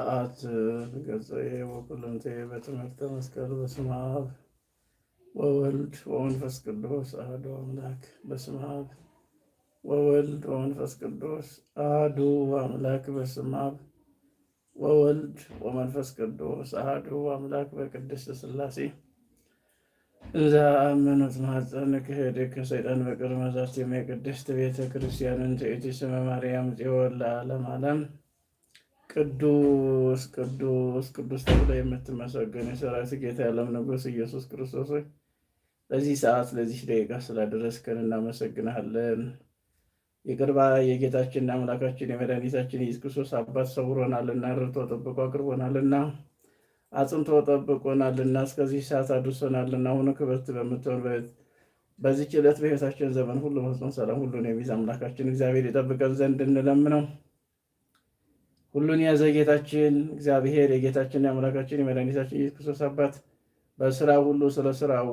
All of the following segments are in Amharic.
አት ገጽዬ ወቁልንቴ በትምህርተ መስቀል በስመ አብ ወወልድ ወመንፈስ ቅዱስ አሐዱ አምላክ በስመ አብ ወወልድ ወመንፈስ ቅዱስ አሐዱ አምላክ በስመ አብ ወወልድ ወመንፈስ ቅዱስ አሐዱ አምላክ በቅድስት ሥላሴ እዛ አመኑት ማኅፀን ክሄድ ከሰይጣን በቅር መዛት የማይ ቅድስት ቤተ ክርስቲያንን ትእቲ ስመ ማርያም ጽዮን ለዓለም ዓለም ቅዱስ ቅዱስ ቅዱስ ተብሎ የምትመሰገን የሰራዊት ጌታ ያለም ንጉስ ኢየሱስ ክርስቶስ ሆይ ለዚህ ሰዓት ለዚህ ደቂቃ ስላደረስከን እናመሰግናለን። የቅርባ የጌታችን አምላካችን የመድኃኒታችን ኢየሱስ ክርስቶስ አባት ሰውሮናልና ርቶ ጠብቆ አቅርቦናልና አጽንቶ ጠብቆናልና እስከዚህ ሰዓት አድርሶናልና አሁኑ ክብርት በምትሆን በዚህች ዕለት በህይወታችን ዘመን ሁሉ መጽኖ ሰላም ሁሉን የሚይዝ አምላካችን እግዚአብሔር የጠብቀን ዘንድ እንለምነው። ሁሉን የያዘ ጌታችን እግዚአብሔር የጌታችን የአምላካችን የመድኃኒታችን ኢየሱስ ክርስቶስ አባት በስራ ሁሉ ስለ ስራው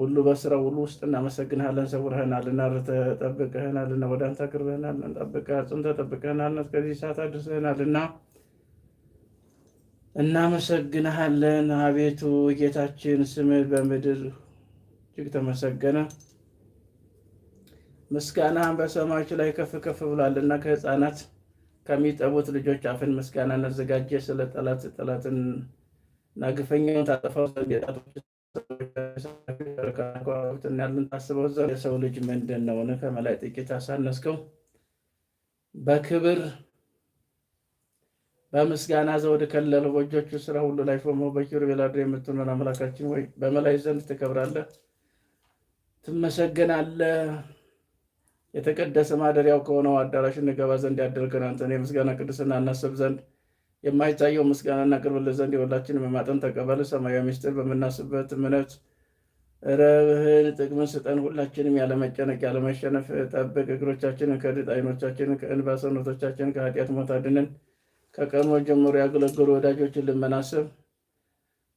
ሁሉ በስራ ሁሉ ውስጥ እናመሰግንሃለን። ሰውረህናልና፣ ተጠብቀህናልና፣ ወደ አንተ አቅርበህናልና፣ ጠብቀህ ጽንተ ጠብቀህናልና፣ እስከዚህ ሰዓት አድርሰህናልና እናመሰግንሃለን። አቤቱ ጌታችን ስምህ በምድር እጅግ ተመሰገነ። ምስጋናህን በሰማዮች ላይ ከፍ ከፍ ብሏልና ከህፃናት ከሚጠቡት ልጆች አፍን ምስጋናን አዘጋጀ። ስለ ጠላት ጠላትን እና ግፈኛውን ታጠፋው ዘንድ የጣቶችና ያሉን ታስበው ዘንድ የሰው ልጅ ምንድን ነውን? ከመላይ ጥቂት አሳነስከው። በክብር በምስጋና ዘውድ ከለለው። በእጆቹ ስራ ሁሉ ላይ ፎሞ በኪሩ አድሮ የምትኖር አምላካችን ወይ በመላይ ዘንድ ትከብራለህ፣ ትመሰገናለህ። የተቀደሰ ማደሪያው ከሆነው አዳራሽ እንገባ ዘንድ ያደርገን አንተን የምስጋና ቅድስና እናስብ ዘንድ የማይታየው ምስጋና እናቅርብልህ ዘንድ የሁላችን መማጠን ተቀበል። ሰማያዊ ምስጢር በምናስብበት እምነት ረብህን ጥቅምን ስጠን። ሁላችንም ያለመጨነቅ ያለመሸነፍ ጠብቅ። እግሮቻችንን ከድጥ አይኖቻችንን ከእንባ ሰውነቶቻችንን ከኃጢአት ሞት አድነን። ከቀድሞ ጀምሮ ያገለገሉ ወዳጆችን ልመናስብ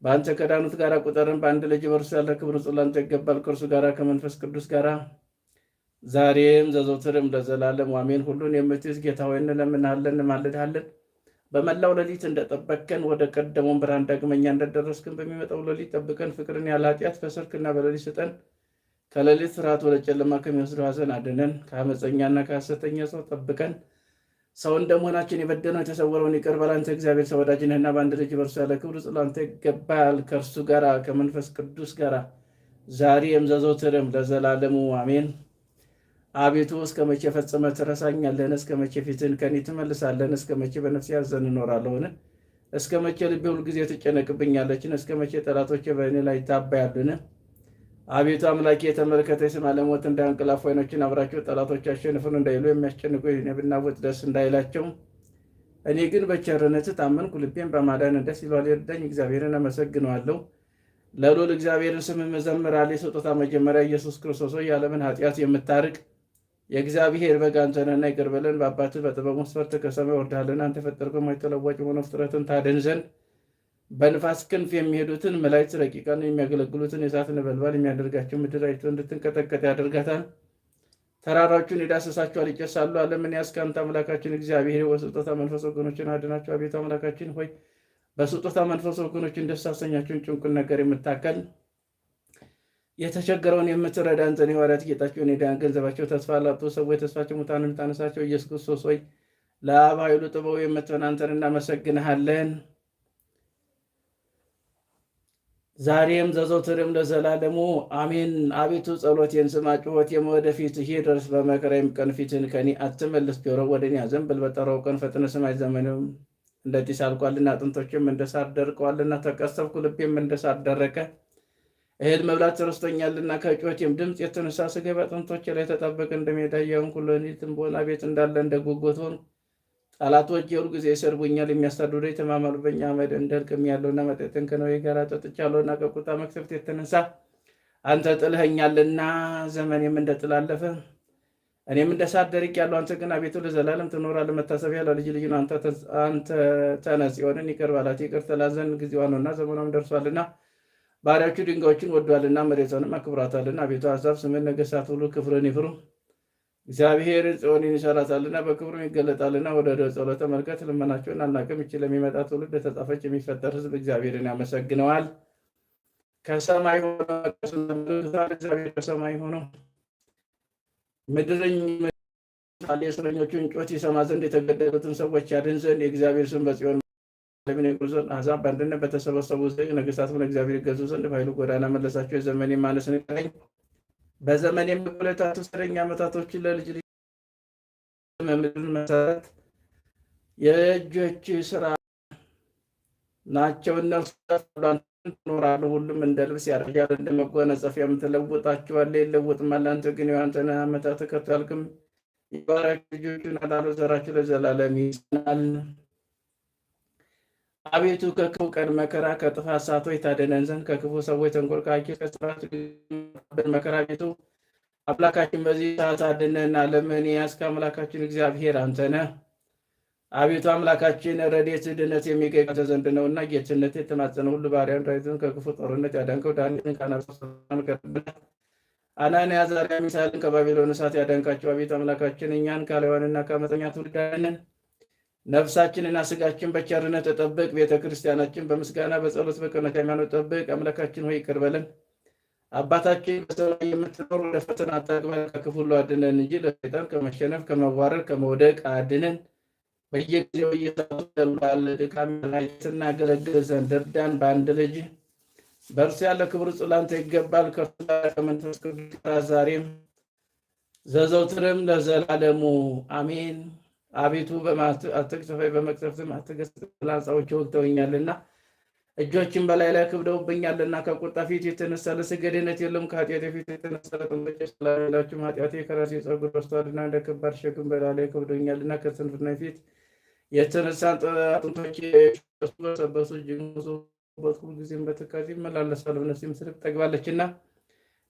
በአንተ ከዳኑት ጋር ቁጠርን። በአንድ ልጅ በእርሱ ያለ ክብር ጽላንተ ይገባል። ከእርሱ ጋራ ከመንፈስ ቅዱስ ጋራ ዛሬም ዘዘውትርም ለዘላለም አሜን። ሁሉን የምትይዝ ጌታ ሆይ እንለምንሃለን፣ እንማልድሃለን። በመላው ሌሊት እንደጠበቅከን ወደ ቀደመውን ብርሃን ዳግመኛ እንደደረስክን በሚመጣው ሌሊት ጠብቀን፣ ፍቅርን ያለ ኃጢአት በሰርክና በሌሊት ስጠን። ከሌሊት ፍርሃት ወደ ጨለማ ከሚወስደው ሐዘን አድነን። ከአመፀኛና ከሐሰተኛ ሰው ጠብቀን። ሰው እንደመሆናችን የበደነው የተሰወረውን ይቅር በል። አንተ እግዚአብሔር ሰው በአንድ ልጅ በእርሱ ያለ ክብር ጸሎት ይገባል። ከእርሱ ጋር ከመንፈስ ቅዱስ ጋር ዛሬም ዘዘውትርም ለዘላለሙ አሜን። አቤቱ እስከ መቼ ፈጽመ ትረሳኛለን? እስከ መቼ ፊትን ከኔ ትመልሳለን? እስከ መቼ በነፍሴ ያዘን እኖራለሁን? እስከ መቼ ልቤ ሁልጊዜ ትጨነቅብኛለችን? እስከ መቼ ጠላቶቼ በእኔ ላይ ይታባያሉን? አቤቱ አምላኬ የተመለከተ ስማ፣ ለሞት እንዳያንቅላፍ ዓይኖችን አብራቸው፣ ጠላቶች አሸንፉን እንዳይሉ የሚያስጨንቁ ብናወጥ ደስ እንዳይላቸው። እኔ ግን በቸርነት ታመንኩ፣ ልቤን በማዳን ደስ ይሏል። የርዳኝ እግዚአብሔርን አመሰግነዋለሁ። ለሎል እግዚአብሔርን ስም መዘምራል። የስጦታ መጀመሪያ ኢየሱስ ክርስቶስ የዓለምን ኃጢአት የምታርቅ የእግዚአብሔር በግ ይቅርበለን ይቅር በለን በአባትህ በጥበቡ መስፈርት ከሰማይ ወርዳለን አንተ የፈጠርከው የማይተለዋጭ የሆነ ፍጥረትን ታደን ዘንድ በንፋስ ክንፍ የሚሄዱትን መላእክት ረቂቃን የሚያገለግሉትን የእሳት ነበልባል የሚያደርጋቸው ምድር አይቶ እንድትንቀጠቀጥ ያደርጋታል። ተራራዎቹን ይዳሰሳቸዋል፣ ይጨሳሉ። ዓለምን ያስክ አምላካችን እግዚአብሔር በስጦታ መንፈስ ወገኖችን አድናቸው። አቤቱ አምላካችን ሆይ በስጦታ መንፈስ ወገኖችን ደስ አሰኛቸውን ጭንቁን ነገር የምታከል የተቸገረውን የምትረዳ አንተን የዋርያት ጌጣቸውን የዳን ገንዘባቸው ተስፋ ላጡ ሰዎች ተስፋቸው ሙታን የምታነሳቸው ኢየሱስ ክርስቶስ ሆይ ለአብ ኃይሉ ጥበቡ የምትሆን አንተን እናመሰግንሃለን። ዛሬም ዘዘውትርም ለዘላለሙ አሜን። አቤቱ ጸሎቴን ስማ፣ ጩኸቴም ይሄ ይድረስ። በመከራዬም ቀን ፊትህን ከኔ አትመልስ፣ ጆሮህን ወደ እኔ አዘንብል። በጠራሁ ቀን ፈጥነ ስማኝ። ዘመንም እንደ ጢስ አልቋልና፣ አጥንቶቼም እንደ ሳር ደርቀዋልና። ተቀሰፍኩ፣ ልቤም እንደ ሳር ደረቀ። እህል መብላት ተረስቶኛልና ከጩኸቴም ድምፅ የተነሳ ስጋ በአጥንቶቼ ላይ ተጠበቀ። እንደ ሜዳ እያሆንኩ ሌሊትም በሆነ ቤት እንዳለ እንደ ጉጉት ሆንኩ። ጠላቶች የሁል ጊዜ ይሰርቡኛል፣ የሚያሳድዱኝ የተማማሉብኝ። አመድን እንደልቅም ያለውና መጠጥን ከነዌ ጋር ጠጥቻለሁና ከቁጣ መቅሰፍት የተነሳ አንተ ጥልኸኛልና፣ ዘመኔም እንደ ጥላ እኔም እንደ ሳር ያለው አንተ ግን አቤቱ ለዘላለም ትኖራለህ። መታሰቢያ ለልጅ ልጅ ነው። አንተ ተነስ፣ ጽዮንን ይቅር በላት። ይቅር ትላት ዘንድ ጊዜዋ ነውና ዘመኗም ደርሷልና ባሪያዎቹ ድንጋዮችን ወዷልና መሬቷንም አክብራታልና አቤቱ አሕዛብ ስምን ነገሥታት ሁሉ ክብርን ይፍሩ። እግዚአብሔር ጽዮንን ይሰራታልና በክብሩም ይገለጣልና። ወደ ጸሎተ መልከት ልመናቸውን አናቅም። ይች ለሚመጣ ትውልድ ተጻፈች። የሚፈጠር ሕዝብ እግዚአብሔርን ያመሰግነዋል። ከሰማይ ሆኖ እግዚአብሔር ከሰማይ ሆኖ ምድርኝ ሳሌ እስረኞቹን ጩኸት ይሰማ ዘንድ የተገደሉትን ሰዎች ያድን ዘንድ የእግዚአብሔር ስም በጽዮን ለምን የግብፅን አሕዛብ በአንድነት በተሰበሰቡ ዘንድ ነገሥታትን እግዚአብሔር ይገዙ ዘንድ በኃይሉ ጎዳና መለሳቸው። የዘመኔ ማነስ ንቀኝ በዘመን መቆለታት ውስረኛ ዓመታቶችን ለልጅ ልጅ መምድር መሰረት የእጆች ስራ ናቸው። እነርሱ ትኖራለህ፣ ሁሉም እንደ ልብስ ያረጃል፣ እንደ መጎናጸፊያም ትለውጣቸዋለህ። ይለወጥማል። አንተ ግን የአንተን ዓመታት ከቶ አልክም። የባሪያዎችህ ልጆች ናት አሉ፣ ዘራቸው ለዘላለም ይጸናል። አቤቱ ከክፉ ቀን መከራ ከጥፋት ሰዓቶች ታደነን ዘንድ ከክፉ ሰዎች ተንኮል ከስራት መከራ ቤቱ አምላካችን በዚህ ሰዓት አድነና ለምን ያስከ አምላካችን እግዚአብሔር አንተነ አቤቱ አምላካችን ረድኤት ድነት የሚገኝ ዘንድ ነው እና ጌትነት የተማጸነ ሁሉ ባሪያን ዳዊትን ከክፉ ጦርነት ያደንከው ዳንኤልን ከአናብስት አናንያ ዛሬ ሚሳልን ከባቢሎን እሳት ያደንካቸው አቤቱ አምላካችን እኛን ካለዋንና ከአመፀኛ ትውልድ ነፍሳችንና ስጋችን በቸርነት ተጠብቅ። ቤተ ክርስቲያናችን በምስጋና በጸሎት በቅንነት ሃይማኖት ጠብቅ። አምላካችን ሆይ ይቅር በለን። አባታችን በሰማይ የምትኖር ለፈተና አታግባን፣ ከክፉ ሁሉ አድነን እንጂ ለሰይጣን ከመሸነፍ ከመዋረድ ከመውደቅ አድነን። በየጊዜው እየሳል ድካም ስናገለግል ዘንድ እርዳን። በአንድ ልጅ በእርሱ ያለ ክብር ጽላንተ ይገባል ከፍ ከመንፈስ ቅዱስ ዛሬም ዘዘውትርም ለዘላለሙ አሜን። አቤቱ አትቅሰፈኝ፣ በመቅሰፍትም አትገስጽኝ፣ ላንጻዎች ወግተውኛልና እጆችን በላይ ላይ ክብደውብኛልና። ከቁጣ ፊት የተነሳ ለስገደነት የለም፣ ከኃጢአት ፊት የተነሳ ለጥንቆች ስላላችሁም ኃጢአቴ ከራሴ ጸጉር በስቷልና፣ እንደ ከባድ ሸክም በላይ ላይ ክብደውኛልና ከስንፍና ፊት የተነሳ አጥንቶች በሰበሱ እጅ ሁልጊዜም በትካዜ እመላለሳለሁ፣ ነፍሴም ስድብ ጠግባለችና።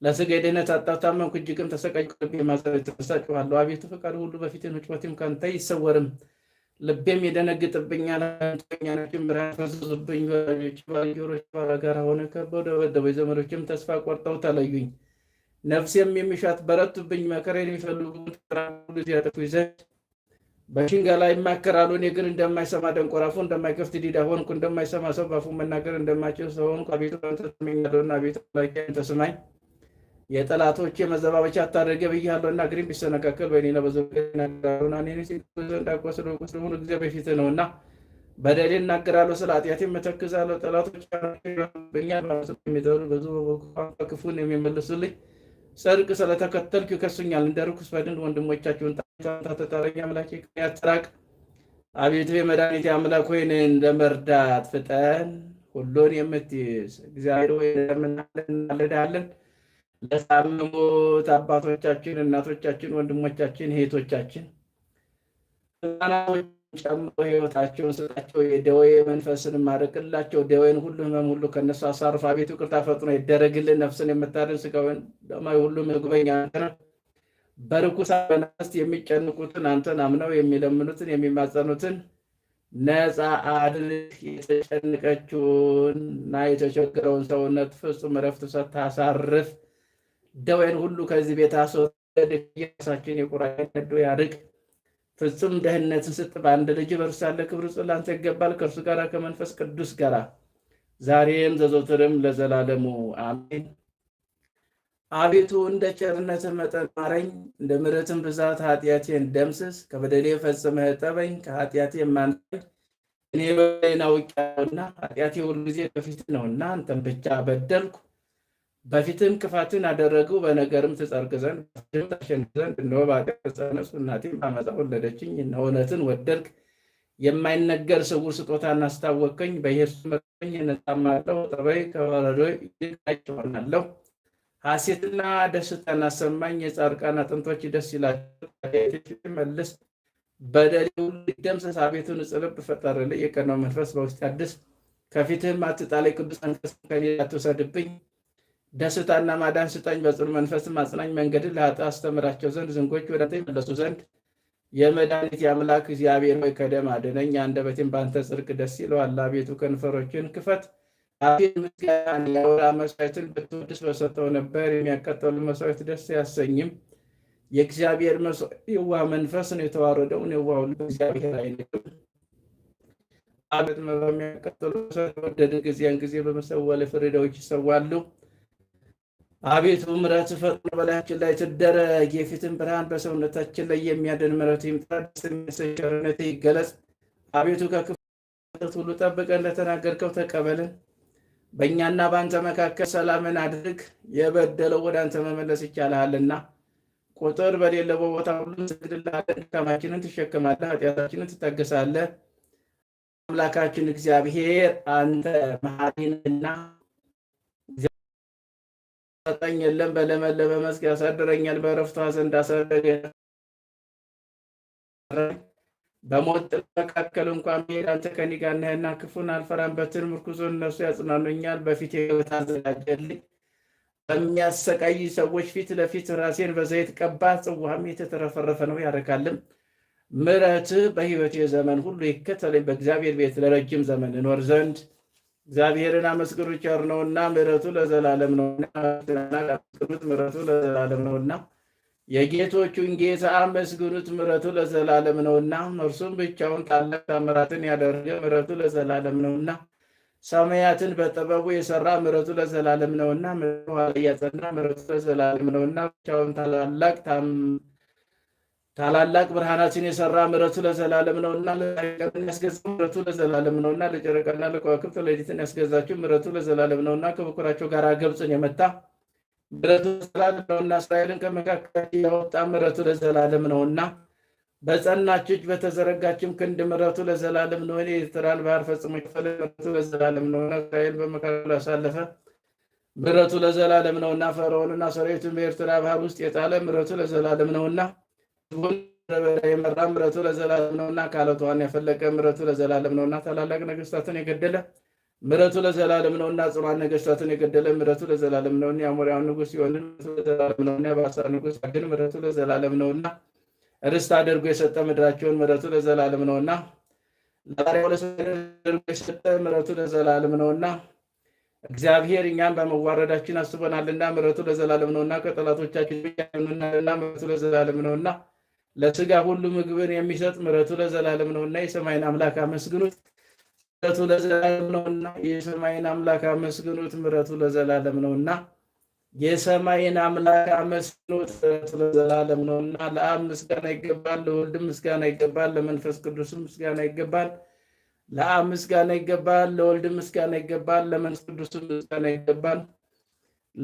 ለስጋ ደህነት አጣታመንኩ እጅግም ተሰቃይኩ። ማሰብ ተሰጭኋለሁ። አቤቱ ፈቃድ ሁሉ በፊት ንጭበትም ከአንተ ይሰወርም። ልቤም የደነግጥብኛል። ፈዘዙብኝ። ወዳጆች ባልንጀሮች ባላጋራ ሆነ ከበው ደበደበኝ። ዘመዶችም ተስፋ ቆርጠው ተለዩኝ። ነፍሴም የሚሻት በረቱብኝ። መከራ የሚፈልጉ ሁሉ ሲያጠፉ ዘንድ በሽንገላ ይማከራሉ። እኔ ግን እንደማይሰማ ደንቆር፣ እንደማይከፍት ዲዳ ሆንኩ። እንደማይሰማ ሰው ባፉ መናገር እንደማይችል ሰው ሆንኩ። አቤቱ አንተ ትሰማኛለህና አቤቱ ተስማኝ የጠላቶች የመዘባበቻ አታደርገ እና ግሪን ቢሰነካከል በእኔና በዘመዴ እናገራለሁና ሁሉ ጊዜ በፊት ነው እና በደሌ እናገራለሁ፣ ስለ ኃጢአቴ መተክዛለሁ። ጠላቶች የሚጠሉ ብዙ ክፉን የሚመልሱልኝ ጽድቅ ስለተከተልኩ ይከሱኛል። እንደ ርኩስ ፈድን ወንድሞቻችሁን ተጣለኝ። አምላኬ ያትራቅ። አቤቱ የመድኃኒቴ አምላክ ሆይ እንደ መርዳት ፍጠን። ሁሉን የምትይዝ እግዚአብሔር ወይ ለምናለን እናለዳለን ለሳለሙት አባቶቻችን፣ እናቶቻችን፣ ወንድሞቻችን፣ እህቶቻችን ህፃናቶች ጨምሮ ህይወታቸውን ስጣቸው። የደዌ መንፈስን ማረቅላቸው። ደዌን ሁሉ ህመም ሁሉ ከነሱ አሳርፍ። አቤቱ ይቅርታ ፈጥኖ ይደረግልን። ነፍስን የምታድን ስጋውን ደማዊ ሁሉ ምግበኛ አንተ ነህ። በርኩስ የሚጨንቁትን አንተን አምነው የሚለምኑትን የሚማጸኑትን ነፃ አድርግ። እና የተቸገረውን ሰውነት ፍጹም እረፍት ሰጥተህ አሳርፍ። ደዌን ሁሉ ከዚህ ቤት አስወግድ፣ የራሳችን የቁራን ነዶ ያርቅ፣ ፍጹም ደህንነትን ስጥ። በአንድ ልጅ በእርሱ ያለ ክብር ጽ ላንተ ይገባል ከእርሱ ጋር ከመንፈስ ቅዱስ ጋር ዛሬም ዘዘውትርም ለዘላለሙ አሜን። አቤቱ እንደ ቸርነት መጠን ማረኝ፣ እንደ ምሕረትም ብዛት ኃጢአቴን ደምስስ። ከበደሌ ፈጽመህ እጠበኝ፣ ከኃጢአቴ ማንጠኝ። እኔ በደሌን አውቄአለሁና ኃጢአቴ ሁልጊዜ በፊት ነውና አንተን ብቻ በደልኩ በፊትም ክፋትን አደረጉ፣ በነገርም ትጸርግ ዘንድ ታሸንፍ ዘንድ እነሆ በኃጢአት ጸነስኩ፣ እናቴም በዓመፃ ወለደችኝ። እነሆ እውነትን ወደድክ፣ የማይነገር ስውር ስጦታን እናስታወቀኝ በኢየሱስ መኝ እነጻማለሁ፣ ጠበይ ከበረዶ ይልቅ ሀሴትና ደስታ ሐሴትና ደስታን አሰማኝ፣ የጻድቃን አጥንቶች ደስ ይላቸው። መልስ በደሌ ሁሉ ይደምሰስ፣ አቤቱን ጽልብ ፈጠርልኝ። የቀናው መንፈስ በውስጥ አድስ፣ ከፊትህም አትጣለኝ፣ ቅዱስ መንፈስን ከእኔ አትውሰድብኝ። ደስታና ማዳን ስጠኝ፣ በጽኑ መንፈስ አጽናኝ፣ መንገድን ለኃጥእ አስተምራቸው ዘንድ ዝንጎች ወደ አንተ ይመለሱ ዘንድ የመድኃኒት የአምላክ እግዚአብሔር ሆይ ከደም አድነኝ። አንደበቴም በአንተ ጽድቅ ደስ ይለዋል። አቤቱ ከንፈሮችን ክፈት፣ አፌን ምስጋናን ያወራ። መሥዋዕትን ብትወድስ በሰጠው ነበር፣ የሚያቀጠሉ መሥዋዕት ደስ አያሰኝም። የእግዚአብሔር የዋ መንፈስ ነው የተዋረደው፣ የዋህ ሁሉ እግዚአብሔር አይንቅም። አቤት በሚያቃጠሉ መሥዋዕት ወደድ ጊዜያን ጊዜ በመሰወለ ፍሬዳዎች ይሰዋሉ። አቤቱ ምረት ፈጥኖ በላያችን ላይ ትደረግ። የፊትን ብርሃን በሰውነታችን ላይ የሚያድን ምረት ይምጣ። ቸርነት ይገለጽ። አቤቱ ከክፉት ሁሉ ጠብቀን ለተናገርከው ተቀበልን። በእኛና በአንተ መካከል ሰላምን አድርግ። የበደለው ወደ አንተ መመለስ ይቻልሃልና ቁጥር በሌለው በቦታ ሁሉ እንሰግድልሃለን። ድካማችንን ትሸክማለህ፣ ኃጢአታችንን ትታገሳለህ። አምላካችን እግዚአብሔር አንተ መሐሪ ሰጠኝ የለም በለመለመ መስክ ያሳድረኛል። በእረፍቷ ዘንድ አሳደረኝ። በሞት መካከል እንኳን ብሄድ አንተ ከእኔ ጋር ነህና ክፉን አልፈራም። በትር ምርኩዞ እነሱ ያጽናኑኛል። በፊት ገበታ አዘጋጀልኝ። በሚያሰቃይ ሰዎች ፊት ለፊት ራሴን በዘይት ቀባ። ጽዋም የተተረፈረፈ ነው ያረካልም። ምረት በህይወት የዘመን ሁሉ ይከተለኝ። በእግዚአብሔር ቤት ለረጅም ዘመን እኖር ዘንድ እግዚአብሔርን አመስግኑ ቸር ነውና ምሕረቱ ለዘላለም ነውና ምሕረቱ ለዘላለም ነውና የጌቶቹን ጌታ አመስግኑት፣ ምሕረቱ ለዘላለም ነውና እርሱም ብቻውን ታላቅ ታምራትን ያደረገ ምሕረቱ ለዘላለም ነውና ሰማያትን በጥበቡ የሰራ ምሕረቱ ለዘላለም ነውና ምድርን ውኃ ላይ ያጸና ምሕረቱ ለዘላለም ነውና ብቻውን ታላላቅ ታላላቅ ብርሃናችን የሰራ ምረቱ ለዘላለም ነውና ለቀንን ያስገዛ ምሕረቱ ለዘላለም ነውና ለጨረቃና ለከዋክብት ለሌሊትን ያስገዛችሁ ምረቱ ለዘላለም ነውና ከበኩራቸው ጋር ግብፅን የመታ ምረቱ ለዘላለም ነውና እስራኤልን ከመካከላቸው ያወጣ ምረቱ ለዘላለም ነውና በጸናች እጅ በተዘረጋችም ክንድ ምረቱ ለዘላለም ነው። የኤርትራን ባህር ፈጽሞ የከፈለ ምረቱ ለዘላለም ነውና እስራኤል በመካከሉ ያሳለፈ ምረቱ ለዘላለም ነውና ፈርዖንና ሰራዊቱን በኤርትራ ባህር ውስጥ የጣለ ምረቱ ለዘላለም ነውና የመራ ምረቱ ለዘላለም ነውና ካለቷን የፈለቀ ምረቱ ለዘላለም ነውና ታላላቅ ነገስታትን የገደለ ምረቱ ለዘላለም ነውና ጽኗን ነገስታትን የገደለ ምረቱ ለዘላለም ነውና የአሞሪያን ንጉስ ሲሆንን ምረቱ ለዘላለም ነውና የባሳር ንጉስ ግን ምረቱ ለዘላለም ነውና ርስት አድርጎ የሰጠ ምድራቸውን ምረቱ ለዘላለም ነውና ለባሪያው አድርጎ የሰጠ ምረቱ ለዘላለም ነውና እግዚአብሔር እኛን በመዋረዳችን አስቦናልና ምረቱ ለዘላለም ነውና ከጠላቶቻችን ና ምረቱ ለዘላለም ነውና ለስጋ ሁሉ ምግብን የሚሰጥ ምረቱ ለዘላለም ነውና የሰማይን አምላክ አመስግኑት። ምረቱ ለዘላለም ነውና የሰማይን አምላክ አመስግኑት። ምረቱ ለዘላለም ነውና የሰማይን አምላክ አመስግኑት። ምረቱ ለዘላለም ነውና ለአብ ምስጋና ይገባል፣ ለወልድ ምስጋና ይገባል፣ ለመንፈስ ቅዱስ ምስጋና ይገባል። ለአብ ምስጋና ይገባል፣ ለወልድ ምስጋና ይገባል፣ ለመንፈስ ቅዱስ ምስጋና ይገባል።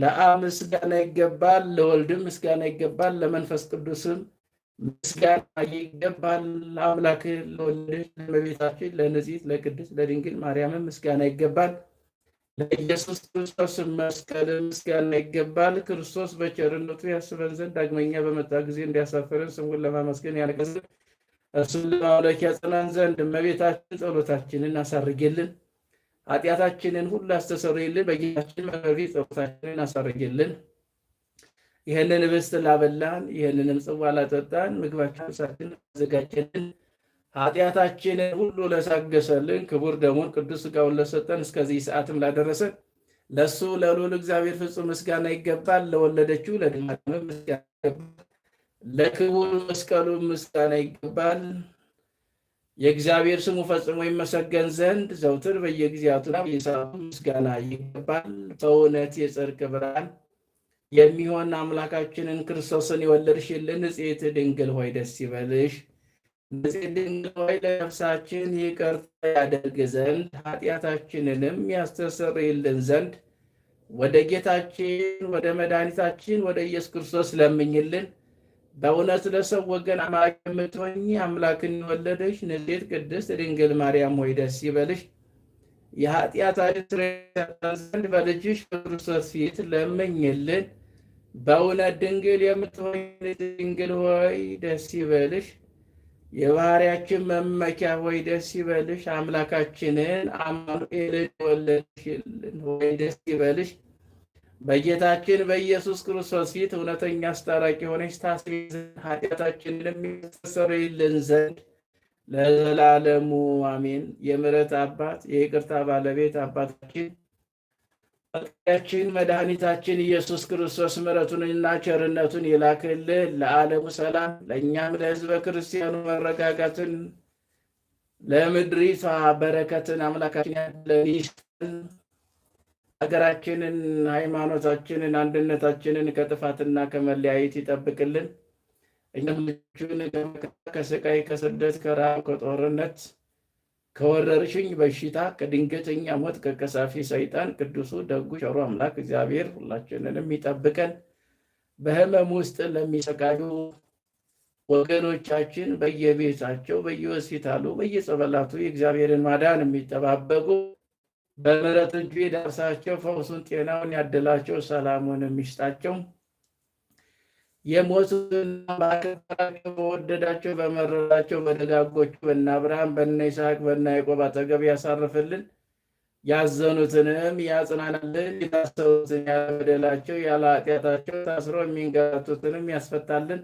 ለአብ ምስጋና ይገባል፣ ለወልድም ምስጋና ይገባል፣ ለመንፈስ ቅዱስም ምስጋና ይገባል አምላክ ለወለደች ለእመቤታችን ለንጽሕት ለቅድስት ለድንግል ማርያምን ምስጋና ይገባል። ለኢየሱስ ክርስቶስ መስቀል ምስጋና ይገባል። ክርስቶስ በቸርነቱ ያስበን ዘንድ ዳግመኛ በመጣ ጊዜ እንዲያሳፍረን ስሙን ለማመስገን ያነገዝን እርሱን ለማምለክ ያጸናን ዘንድ እመቤታችን ጸሎታችንን አሳርጌልን፣ ኃጢአታችንን ሁሉ አስተሰርይልን። በጌታችን መረፊ ጸሎታችንን አሳርጌልን ይህንን ህብስት ላበላን ይህንንም ጽዋ ላጠጣን ምግባችን ሳችን አዘጋጀልን ኃጢአታችንን ሁሉ ለሳገሰልን ክቡር ደሙን ቅዱስ ሥጋውን ለሰጠን እስከዚህ ሰዓትም ላደረሰን ለእሱ ለልዑል እግዚአብሔር ፍጹም ምስጋና ይገባል። ለወለደችው ለድማ ምስጋና ይገባል። ለክቡር መስቀሉ ምስጋና ይገባል። የእግዚአብሔር ስሙ ፈጽሞ ይመሰገን ዘንድ ዘውትር በየጊዜያቱና በየሰዓቱ ምስጋና ይገባል። በእውነት የጽድቅ ብርሃን የሚሆን አምላካችንን ክርስቶስን የወለድሽልን ንጽሕት ድንግል ሆይ ደስ ይበልሽ። ንጽሕት ድንግል ሆይ ለነፍሳችን ይቅርታ ያደርግ ዘንድ ኃጢአታችንንም ያስተሰርይልን ዘንድ ወደ ጌታችን ወደ መድኃኒታችን ወደ ኢየሱስ ክርስቶስ ለምኝልን። በእውነት ለሰው ወገን አማላጅ የምትሆኝ አምላክን የወለደች ንጽሕት ቅድስት ድንግል ማርያም ሆይ ደስ ይበልሽ። የኃጢአታችን ስርየት ዘንድ በልጅሽ በክርስቶስ ፊት ለምኝልን። በእውነት ድንግል የምትሆኝ ድንግል ሆይ ደስ ይበልሽ፣ የባህርያችን መመኪያ ሆይ ደስ ይበልሽ። አምላካችንን አማኑኤልን ወለድሽልን ሆይ ደስ ይበልሽ። በጌታችን በኢየሱስ ክርስቶስ ፊት እውነተኛ አስታራቂ የሆነች ታስቢ ዘንድ ኃጢአታችንን የሚያስተሰርይልን ዘንድ ለዘላለሙ አሜን። የምሕረት አባት የይቅርታ ባለቤት አባታችን ፈጣሪያችን መድኃኒታችን ኢየሱስ ክርስቶስ ምሕረቱንና ቸርነቱን ይላክልን። ለዓለሙ ሰላም፣ ለእኛም ለሕዝበ ክርስቲያኑ መረጋጋትን፣ ለምድሪቷ በረከትን አምላካችን ያለን ሀገራችንን፣ ሃይማኖታችንን፣ አንድነታችንን ከጥፋትና ከመለያየት ይጠብቅልን። እኛም ልጁን ከስቃይ፣ ከስደት፣ ከራብ፣ ከጦርነት ከወረርሽኝ በሽታ ከድንገተኛ ሞት ከቀሳፊ ሰይጣን ቅዱሱ ደጉ ሸሮ አምላክ እግዚአብሔር ሁላችንንም ይጠብቀን። በህመም ውስጥ ለሚሰቃዩ ወገኖቻችን በየቤታቸው በየሆስፒታሉ በየጸበላቱ የእግዚአብሔርን ማዳን የሚጠባበቁ በምሕረት እጁ የዳብሳቸው ፈውሱን ጤናውን ያደላቸው ሰላሙን የሚስጣቸው የሞቱን ባከበራቸው በወደዳቸው በመረራቸው በደጋጎቹ በነ አብርሃም በነ ይስሐቅ በነ ያዕቆብ አጠገብ ያሳርፍልን። ያዘኑትንም ያጽናናልን። የታሰሩትን ያበደላቸው ያለ ኃጢአታቸው ታስሮ የሚንገላቱትንም ያስፈታልን።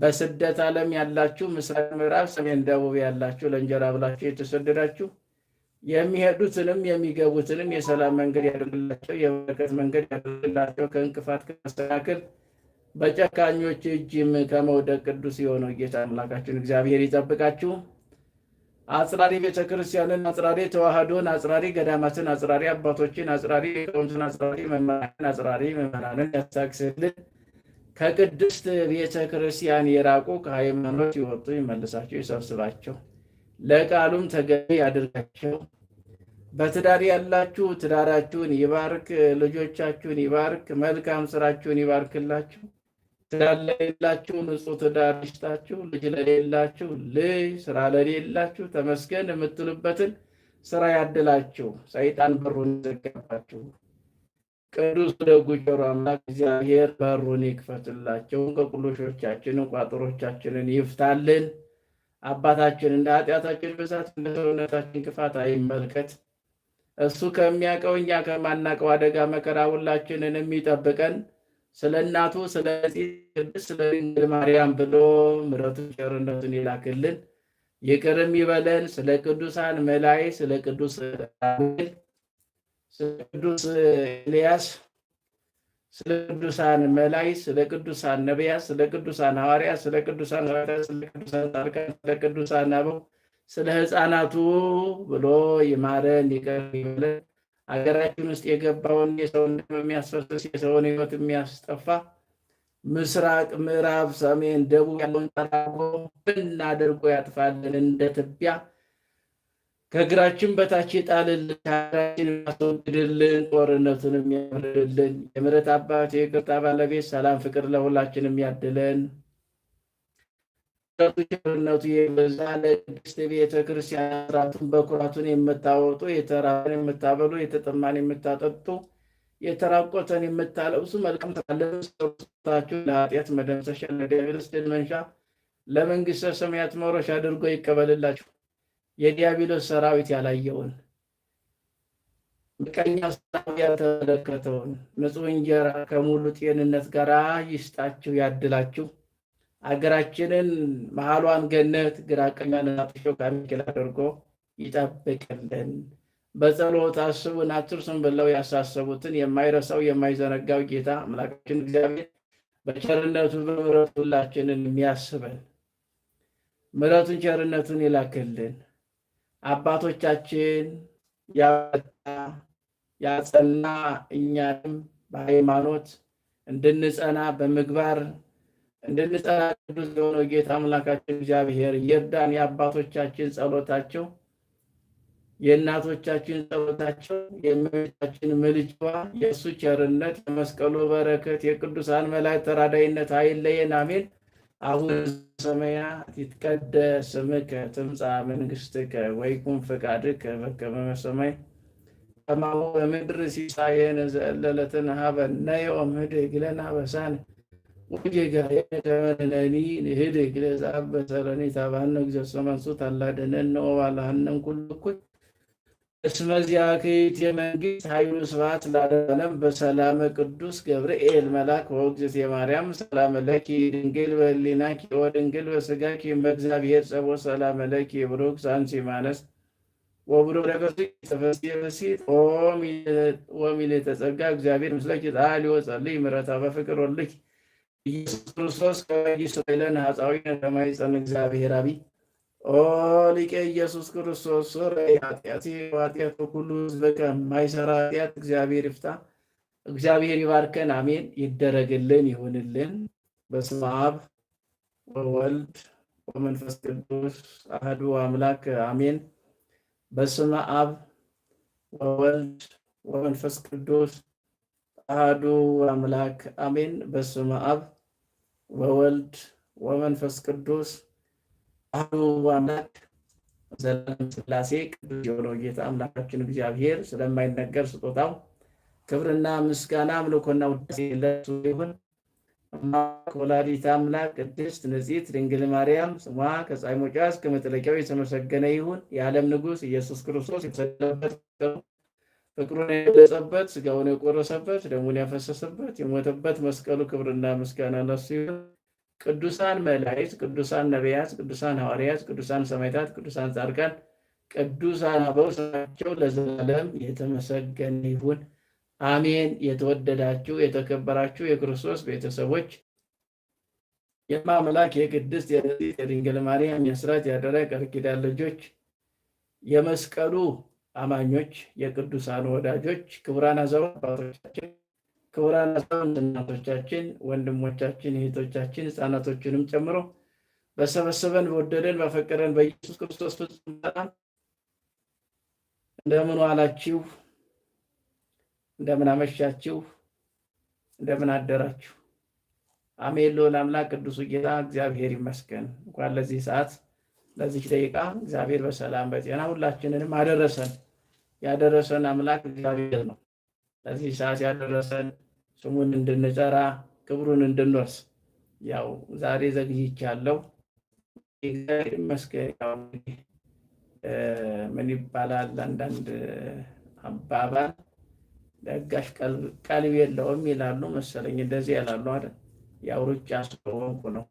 በስደት ዓለም ያላችሁ ምስራቅ፣ ምዕራብ፣ ሰሜን፣ ደቡብ ያላችሁ ለእንጀራ ብላችሁ የተሰደዳችሁ የሚሄዱትንም የሚገቡትንም የሰላም መንገድ ያደርግላቸው፣ የበረከት መንገድ ያደርግላቸው፣ ከእንቅፋት ከመሰናክል በጨካኞች እጅም ከመውደቅ ቅዱስ የሆነው ጌታ አምላካችን እግዚአብሔር ይጠብቃችሁ። አጽራሪ ቤተክርስቲያንን አጽራሪ ተዋህዶን፣ አጽራሪ ገዳማትን፣ አጽራሪ አባቶችን፣ አጽራሪ ቀውንትን፣ አጽራሪ መምህራንን፣ አጽራሪ መምህራንን ያሳክስልን። ከቅድስት ቤተ ክርስቲያን የራቁ ከሃይማኖት ይወጡ ይመልሳቸው፣ ይሰብስባቸው፣ ለቃሉም ተገቢ ያድርጋቸው። በትዳር ያላችሁ ትዳራችሁን ይባርክ፣ ልጆቻችሁን ይባርክ፣ መልካም ስራችሁን ይባርክላችሁ። ትዳር ለሌላችሁ ንጹህ ትዳር ይስጣችሁ። ልጅ ለሌላችሁ ልጅ፣ ስራ ለሌላችሁ ተመስገን የምትሉበትን ስራ ያድላችሁ። ሰይጣን በሩን ይዘጋባችሁ። ቅዱስ ደጉ አምላክ እግዚአብሔር በሩን ይክፈትላቸው። ከቁሎሾቻችንን ቋጥሮቻችንን ይፍታልን። አባታችን እንደ ኃጢአታችን ብዛት እንደ ሰውነታችን ክፋት አይመልከት። እሱ ከሚያውቀው እኛ ከማናውቀው አደጋ መከራ ሁላችንን የሚጠብቀን ስለ እናቱ ስለ ቅድስት ስለ ድንግል ማርያም ብሎ ምሕረቱን ቸርነቱን ይላክልን ይቅርም ይበለን። ስለ ቅዱሳን መላይ ስለ ቅዱስ ራጉኤል፣ ስለ ቅዱስ ኤልያስ፣ ስለ ቅዱሳን መላይ ስለ ቅዱሳን ነቢያት፣ ስለ ቅዱሳን ሐዋርያ ስለ ቅዱሳን ስለ ቅዱሳን ታርካ ስለ ቅዱሳን አበው፣ ስለ ሕፃናቱ ብሎ ይማረን ይቅር ይበለን። አገራችን ውስጥ የገባውን የሰውን የሚያስፈስስ የሰውን ህይወት የሚያስጠፋ ምስራቅ፣ ምዕራብ፣ ሰሜን፣ ደቡብ ያለውን ጠራርጎ ብን አድርጎ ያጥፋልን። እንደ ትቢያ ከእግራችን በታች ይጣልልን። ከሀገራችን ያስወግድልን። ጦርነቱን የሚያብርድልን። የምሕረት አባት የይቅርታ ባለቤት ሰላም፣ ፍቅር ለሁላችንም ያድለን። ቸርነቱ የበዛ ለቅድስት ቤተ ክርስቲያን ስራቱን በኩራቱን የምታወጡ የተራበን የምታበሉ የተጠማን የምታጠጡ የተራቆተን የምታለብሱ መልካም ስራለብስታችሁ ለኃጢአት መደምሰሻ ለዲያብሎስ ድል መንሻ ለመንግስተ ሰማያት መሮሻ አድርጎ ይቀበልላችሁ። የዲያብሎስ ሰራዊት ያላየውን ምቀኛ ሰራዊት ያልተመለከተውን ንጹሕ እንጀራ ከሙሉ ጤንነት ጋር ይስጣችሁ ያድላችሁ። አገራችንን መሃሏን ገነት ግራቀኛን አጥሾ ሚካኤል አድርጎ ይጠብቅልን። በጸሎት አስቡን አትርሱን ብለው ያሳሰቡትን የማይረሳው የማይዘነጋው ጌታ አምላካችን እግዚአብሔር በቸርነቱ በምሕረቱ ሁላችንን የሚያስበን ምሕረቱን ቸርነቱን ይላክልን። አባቶቻችን ያወጣ ያጸና እኛንም በሃይማኖት እንድንጸና በምግባር እንድንጸና ቅዱስ የሆነው ጌታ አምላካችን እግዚአብሔር የእርዳን። የአባቶቻችን ጸሎታቸው፣ የእናቶቻችን ጸሎታቸው፣ የእመቤታችን ምልጃዋ፣ የእሱ ቸርነት፣ የመስቀሉ በረከት፣ የቅዱሳን መላእክት ተራዳይነት አይለየን። አሜን። አሁን ሰማያት ይትቀደስ ስምከ ትምጻእ መንግሥትከ ወይኩን ፈቃድከ በከመ በሰማይ ከማሁ በምድር ሲሳየነ ዘለለዕለትነ ሀበነ ዮም ወኅድግ ለነ አበሳነ ወጌጋየተመነኒ ንህድግ ለዛብ በሰረኒ ታባህነ እግዚኦ መንሱት አላደነን ነው ባላህነን ኩሉ እኩይ እስመ ዚአክት የመንግስት ኃይሉ ስብሐት ላለም በሰላመ ቅዱስ ገብርኤል መልአክ ወእግዝእት የማርያም ሰላመ ለኪ ድንግል በህሊናኪ ወድንግል በስጋኪ በእግዚአብሔር ጸቦ ሰላመ ለኪ ብሩክ ሳንሲ ማነስ ወብሎ ለበሱ ተፈስ በሲት ወሚል የተጸጋ እግዚአብሔር ምስለኪ ጣሊ ወጸልይ ምረታ በፍቅር ወልኪ ኢየሱስ ክርስቶስ ከመይሱ ሀፃዊ ሀፃዊነ ጸን እግዚአብሔር አቢ ኦ ሊቀ ኢየሱስ ክርስቶስ ሶረ ኃጢአት ኃጢአት ሁሉ ዝበከ ማይሰራ ኃጢአት እግዚአብሔር ይፍታ። እግዚአብሔር ይባርከን። አሜን። ይደረግልን፣ ይሁንልን። በስመ አብ ወወልድ ወመንፈስ ቅዱስ አህዱ አምላክ አሜን። በስመ አብ ወወልድ ወመንፈስ ቅዱስ አህዱ አምላክ አሜን። በስመ አብ ወወልድ ወመንፈስ ቅዱስ አሐዱ አምላክ ዘላለም ሥላሴ ቅዱስ የሆነው ጌታ አምላካችን እግዚአብሔር ስለማይነገር ስጦታው ክብርና ምስጋና አምልኮና ውዳሴ ለሱ ይሁን። ወላዲተ አምላክ ቅድስት ንጽሕት ድንግል ማርያም ስሟ ከፀሐይ መውጫ እስከ መጥለቂያው የተመሰገነ ይሁን። የዓለም ንጉሥ ኢየሱስ ክርስቶስ የተሰቀለበት ፍቅሩን የገለጸበት ስጋውን የቆረሰበት ደሙን ያፈሰሰበት የሞተበት መስቀሉ ክብርና ምስጋና ለሱ ይሁን። ቅዱሳን መላእክት፣ ቅዱሳን ነቢያት፣ ቅዱሳን ሐዋርያት፣ ቅዱሳን ሰማዕታት፣ ቅዱሳን ጻድቃን፣ ቅዱሳን አበው ስማቸው ለዘላለም የተመሰገነ ይሁን አሜን። የተወደዳችሁ የተከበራችሁ የክርስቶስ ቤተሰቦች የማምላክ የቅድስት የድንግል ማርያም የስራት ያደረ ቃል ኪዳን ልጆች የመስቀሉ አማኞች፣ የቅዱሳን ወዳጆች፣ ክቡራን አዛውንት አባቶቻችን፣ ክቡራን አዛውንት እናቶቻችን፣ ወንድሞቻችን፣ እህቶቻችን ህፃናቶችንም ጨምሮ በሰበሰበን በወደደን በፈቀደን በኢየሱስ ክርስቶስ ፍጹም ሰላም እንደምን ዋላችሁ? እንደምን አመሻችሁ? እንደምን አደራችሁ? አሜን። ልዑል አምላክ ቅዱሱ ጌታ እግዚአብሔር ይመስገን። እንኳን ለዚህ ሰዓት ለዚች ደቂቃ እግዚአብሔር በሰላም በጤና ሁላችንንም አደረሰን። ያደረሰን አምላክ እግዚአብሔር ነው። ለዚህ ሰዓት ያደረሰን ስሙን እንድንጠራ ክብሩን እንድንወርስ ያው ዛሬ ዘግይቻለሁ። እግዚአብሔር ይመስገን። ምን ይባላል አንዳንድ አባባል ለጋሽ ቀልብ የለውም ይላሉ መሰለኝ፣ እንደዚህ ያላሉ አይደል? ያው ሩጫ ስለሆንኩ ነው።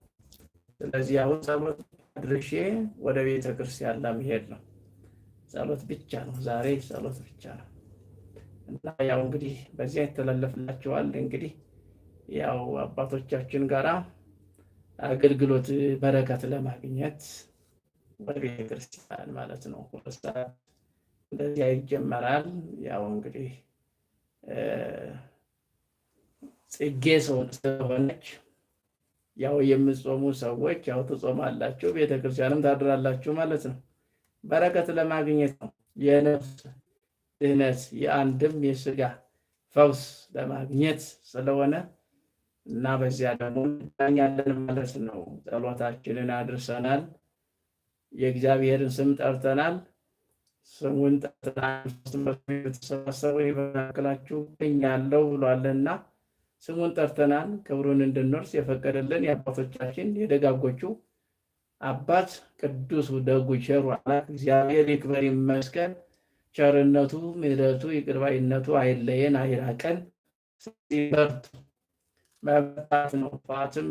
ስለዚህ አሁን ጸሎት አድርሼ ወደ ቤተ ክርስቲያን ለመሄድ ነው። ጸሎት ብቻ ነው። ዛሬ ጸሎት ብቻ ነው እና ያው እንግዲህ በዚያ ይተላለፍላችኋል። እንግዲህ ያው አባቶቻችን ጋራ አገልግሎት በረከት ለማግኘት ወደ ማለት ነው። ሁለት ሰዓት እንደዚያ ይጀመራል። ያው እንግዲህ ጽጌ ሰው ስለሆነች ያው የምጾሙ ሰዎች ያው ትጾማላችሁ፣ ቤተክርስቲያንም ታድራላችሁ ማለት ነው። በረከት ለማግኘት ነው። የነፍስ ድህነት የአንድም የስጋ ፈውስ ለማግኘት ስለሆነ እና በዚያ ደግሞ ዳኛለን ማለት ነው። ጸሎታችንን አድርሰናል። የእግዚአብሔርን ስም ጠርተናል። ስሙን ጠርተናል። የተሰባሰቡ በመካከላችሁ እገኛለሁ ብሏልና ስሙን ጠርተናል። ክብሩን እንድንወርስ የፈቀደልን የአባቶቻችን የደጋጎቹ አባት ቅዱሱ ደጉ ቸሩ አምላክ እግዚአብሔር ይክበር ይመስገን። ቸርነቱ፣ ምሕረቱ፣ ይቅርባይነቱ አይለየን አይራቀን። ሲበርቱ መብጣት ነው ጠዋትም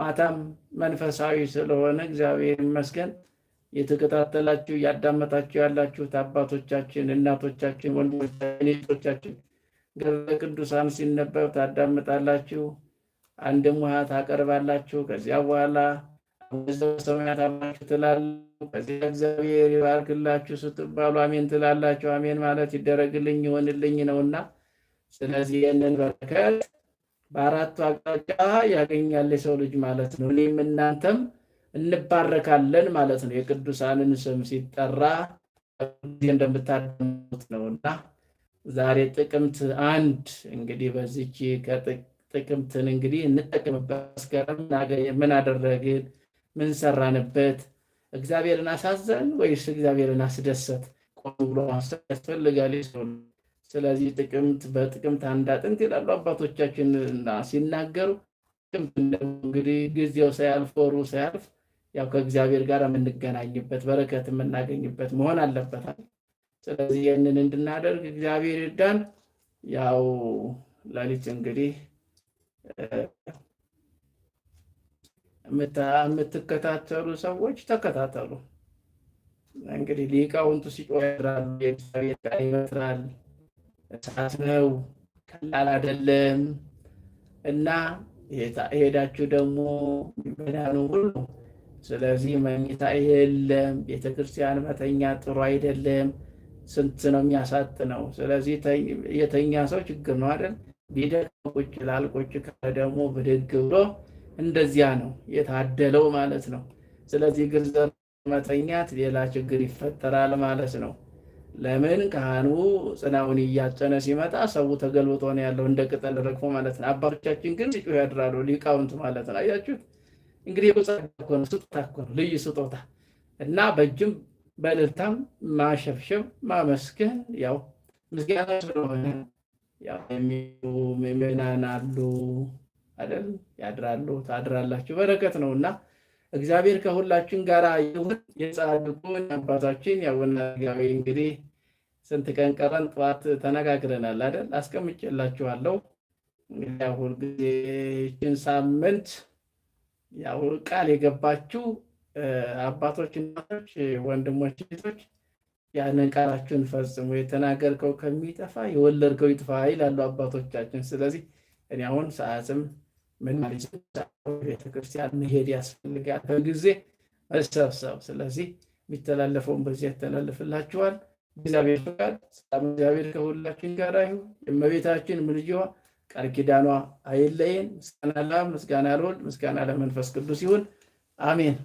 ማታም መንፈሳዊ ስለሆነ እግዚአብሔር ይመስገን። የተከታተላችሁ እያዳመጣችሁ ያላችሁት አባቶቻችን፣ እናቶቻችን፣ ወንድሞቻችን፣ እህቶቻችን ገብረ ቅዱሳን ሲነበብ ታዳምጣላችሁ፣ አንድ ሙሃ ታቀርባላችሁ። ከዚያ በኋላ በሰማያት ከዚያ እግዚአብሔር ይባርክላችሁ ስትባሉ አሜን ትላላችሁ። አሜን ማለት ይደረግልኝ ይሆንልኝ ነውና ስለዚህ ይህንን በረከት በአራቱ አቅጣጫ ያገኛል የሰው ልጅ ማለት ነው። እኔም እናንተም እንባረካለን ማለት ነው። የቅዱሳንን ስም ሲጠራ ጊዜ ዛሬ ጥቅምት አንድ እንግዲህ በዚች ከጥቅምትን እንግዲህ እንጠቅምበት። መስከረም ምን አደረግን? ምን ሰራንበት? እግዚአብሔርን አሳዘን ወይስ እግዚአብሔርን አስደሰት? ቆም ብሎ ማሰብ ያስፈልጋል። ስለዚህ ጥቅምት በጥቅምት አንድ አጥንት ይላሉ አባቶቻችን ሲናገሩ እንግዲህ ጊዜው ሳያልፍ ወሩ ሳያልፍ ያው ከእግዚአብሔር ጋር የምንገናኝበት በረከት የምናገኝበት መሆን አለበታል። ስለዚህ ይህንን እንድናደርግ እግዚአብሔር ይርዳን። ያው ሌሊት እንግዲህ የምትከታተሉ ሰዎች ተከታተሉ። እንግዲህ ሊቃውንቱ ሲጮህ የእግዚአብሔር ቃል ይመትራል፣ እሳት ነው፣ ቀላል አይደለም እና ሄዳችሁ ደግሞ መዳኑ ሁሉ ስለዚህ መኝታ የለም። ቤተክርስቲያን መተኛ ጥሩ አይደለም፣ ስንት ነው የሚያሳጥ ነው። ስለዚህ የተኛ ሰው ችግር ነው አይደል? ቢደቅ ቁጭ ላል ካለ ደግሞ ብድግ ብሎ እንደዚያ ነው የታደለው ማለት ነው። ስለዚህ ግርዘት መተኛት ሌላ ችግር ይፈጠራል ማለት ነው። ለምን ካህኑ ጽናውን እያጨነ ሲመጣ ሰው ተገልብጦ ነው ያለው፣ እንደ ቅጠል ረግፎ ማለት ነው። አባቶቻችን ግን ሲጮህ ያድራሉ፣ ሊቃውንት ማለት ነው። አያችሁት እንግዲህ የቆጻኮ ስጦታ እኮ ነው፣ ልዩ ስጦታ እና በእጅም በእልልታም ማሸብሸብ ማመስገን፣ ያው ምስጋና ስለሆነ ያው የሚሉ ምእመናን አሉ። አይደል? ያድራሉ፣ ታድራላችሁ። በረከት ነው እና እግዚአብሔር ከሁላችን ጋር ይሁን። የጻድቁን አባታችን ያቡነ አረጋዊ እንግዲህ ስንት ቀን ቀረን? ጠዋት ተነጋግረናል አይደል? አስቀምጬላችኋለሁ። ያሁል ጊዜችን ሳምንት ያው ቃል የገባችሁ አባቶች፣ እናቶች፣ ወንድሞች፣ ሴቶች ያንን ቃላችሁን ፈጽሙ። የተናገርከው ከሚጠፋ የወለድከው ይጥፋ ይላሉ አባቶቻችን። ስለዚህ እኔ አሁን ሰዓትም ምን ቤተክርስቲያን መሄድ ያስፈልጋል። በጊዜ መሰብሰብ። ስለዚህ የሚተላለፈውን በዚህ ያተላልፍላችኋል። እግዚአብሔር ፈቃድ፣ ሰላም እግዚአብሔር ከሁላችን ጋር ይሁን። የእመቤታችን ምልጃዋ ቃል ኪዳኗ አይለየን። ምስጋና ለአብ ምስጋና ለወልድ ምስጋና ለመንፈስ ቅዱስ ይሁን። አሜን።